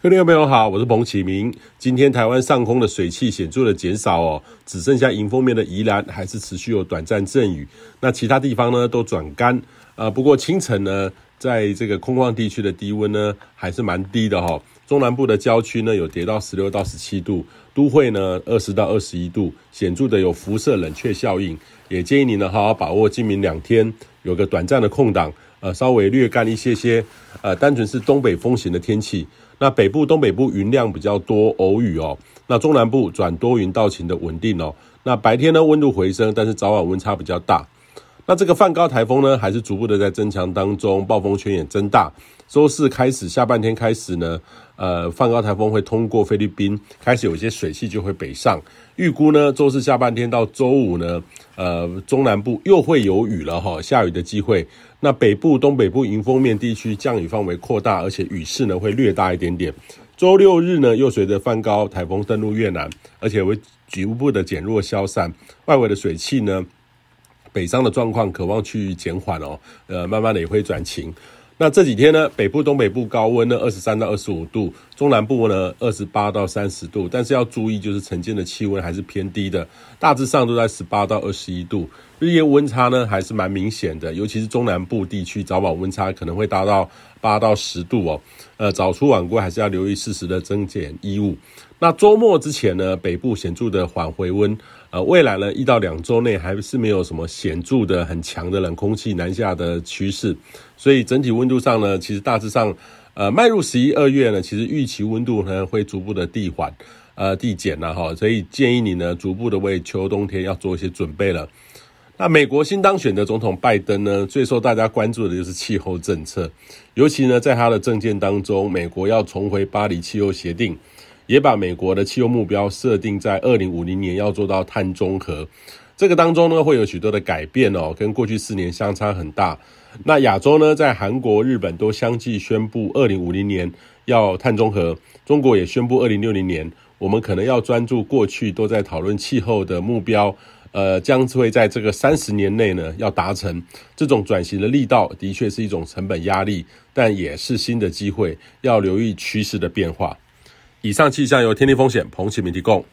各位朋友好，我是彭啟明。今天台灣上空的水氣顯著的減少哦，只剩下迎風面的宜蘭還是持續有短暫陣雨，那其他地方呢都轉乾。呃，不過清晨呢，在這個空曠地區的低溫呢，還是蠻低的哈、哦。中南部的郊區呢，有跌到十六到十七度，都會呢二十到二十一度，顯著的有輻射冷卻效應。也建議您呢，好好把握今明兩天有個短暫的空檔，呃，稍微略乾一些些，呃，單純是東北風型的天氣。那北部、東北部雲量比較多，偶雨哦。那中南部轉多雲到晴的穩定哦。那白天呢，溫度回升，但是早晚溫差比較大。那這個梵高颱風呢，還是逐步的在增強當中，暴風圈也增大。周四開始，下半天開始呢，呃，梵高颱風會通過菲律賓，開始有一些水汽就會北上。預估呢，周四下半天到周五呢，呃，中南部又會有雨了哈，下雨的機會。那北部、東北部迎風面地區降雨範圍擴大，而且雨勢呢會略大一點點。周六日呢，又隨着梵高颱風登陸越南，而且會局部的減弱消散，外圍的水汽呢。北上的狀況可望去減緩哦，呃，慢慢的也會轉晴。那這幾天呢，北部、東北部高溫呢，二十三到二十五度，中南部呢，二十八到三十度。但是要注意，就是晨間的氣溫還是偏低的，大致上都在十八到二十一度。日夜溫差呢，還是蠻明顯的，尤其是中南部地區，早晚溫差可能會達到八到十度哦。呃，早出晚歸還是要留意適時的增減衣物。那周末之前呢，北部顯著的緩回溫，呃，未來呢一到兩周內還是沒有什麼顯著的很強的冷空氣南下的趨勢，所以整體溫度上呢，其實大致上，呃，邁入十一二月呢，其實預期溫度呢會逐步的遞緩，呃，遞減了哈，所以建議你呢逐步的為秋冬天要做一些準備了。那美國新當選的總統拜登呢，最受大家關注的就是氣候政策，尤其呢在他的政見當中，美國要重回巴黎氣候協定。也把美國的氣候目標設定在二零五零年要做到碳中和，這個當中呢會有許多的改變哦，跟過去四年相差很大。那亞洲呢，在韓國、日本都相繼宣布二零五零年要碳中和，中國也宣布二零六零年，我們可能要專注過去都在討論氣候的目標，呃，將會在這個三十年內呢要達成。這種轉型的力道的確是一種成本壓力，但也是新的機會，要留意趨勢的變化。以上氣象由天氣風險彭啟明提供。